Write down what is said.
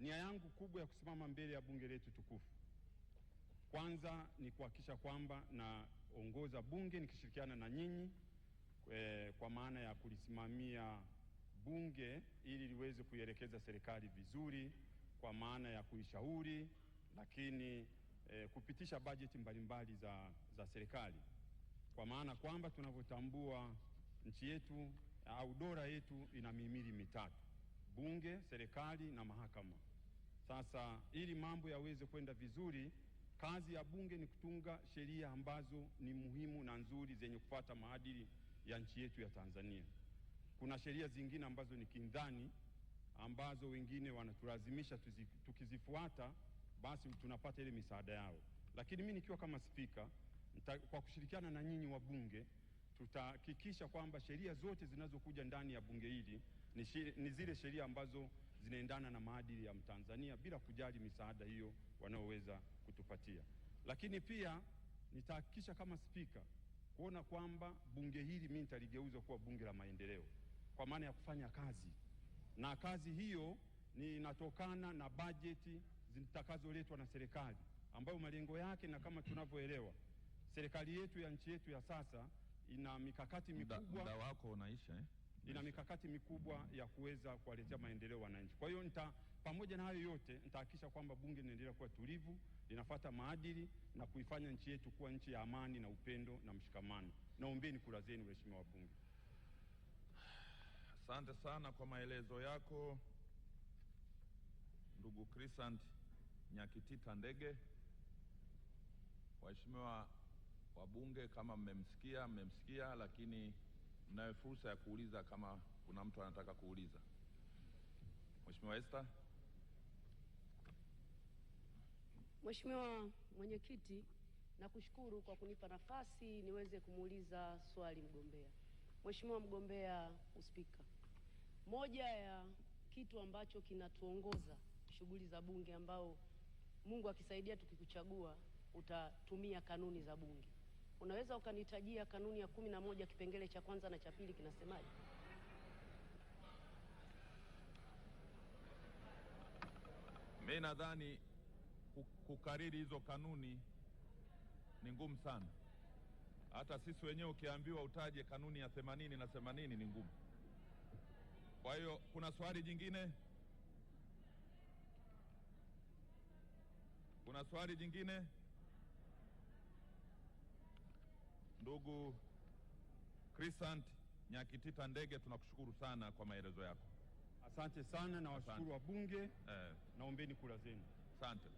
Nia yangu kubwa ya kusimama mbele ya bunge letu tukufu kwanza ni kuhakikisha kwamba naongoza bunge nikishirikiana na nyinyi e, kwa maana ya kulisimamia bunge ili liweze kuielekeza serikali vizuri, kwa maana ya kuishauri, lakini e, kupitisha bajeti mbalimbali za, za serikali, kwa maana kwamba tunavyotambua nchi yetu au dola yetu ina mihimili mitatu bunge, serikali na mahakama. Sasa ili mambo yaweze kwenda vizuri, kazi ya bunge ni kutunga sheria ambazo ni muhimu na nzuri zenye kufuata maadili ya nchi yetu ya Tanzania. Kuna sheria zingine ambazo ni kindhani ambazo wengine wanatulazimisha tukizifuata basi tunapata ile misaada yao, lakini mimi nikiwa kama spika kwa kushirikiana na nyinyi wa bunge tutahakikisha kwamba sheria zote zinazokuja ndani ya bunge hili ni, shiri, ni zile sheria ambazo zinaendana na maadili ya Mtanzania bila kujali misaada hiyo wanaoweza kutupatia. Lakini pia nitahakikisha kama spika kuona kwamba bunge hili mimi nitaligeuza kuwa bunge la maendeleo kwa maana ya kufanya kazi, na kazi hiyo ni inatokana na bajeti zitakazoletwa na serikali ambayo malengo yake, na kama tunavyoelewa serikali yetu ya nchi yetu ya sasa ina mikakati mikubwa. Muda wako unaisha eh? ina mikakati mikubwa ya kuweza kuwaletea maendeleo wananchi. Kwa hiyo nita pamoja na hayo yote nitahakikisha kwamba bunge linaendelea kuwa tulivu, linafata maadili na kuifanya nchi yetu kuwa nchi ya amani na upendo na mshikamano. Naombeni kura zenu, waheshimiwa wabunge. Asante sana kwa maelezo yako ndugu Crescent Nyakitita Ndege. Waheshimiwa wabunge, kama mmemsikia, mmemsikia lakini Mnayo fursa ya kuuliza kama kuna mtu anataka kuuliza. Mheshimiwa Esther. Mheshimiwa Mwenyekiti, nakushukuru kwa kunipa nafasi niweze kumuuliza swali mgombea. Mheshimiwa mgombea uspika, moja ya kitu ambacho kinatuongoza shughuli za bunge ambao Mungu akisaidia tukikuchagua utatumia kanuni za bunge Unaweza ukanitajia kanuni ya kumi na moja kipengele cha kwanza na cha pili kinasemaje? Mi nadhani kukariri hizo kanuni ni ngumu sana. Hata sisi wenyewe ukiambiwa utaje kanuni ya themanini na themanini ni ngumu. Kwa hiyo kuna swali jingine? Kuna swali jingine? Ndugu Crisant Nyakitita Ndege, tunakushukuru sana kwa maelezo yako. Asante sana na washukuru wabunge eh. Naombeni kura zenu. Asante.